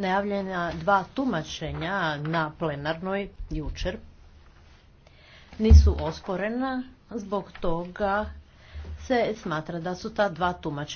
najavljena dva tumačenja na plenarnoj jučer nisu osporena, zbog toga se smatra da su ta dva tumačenja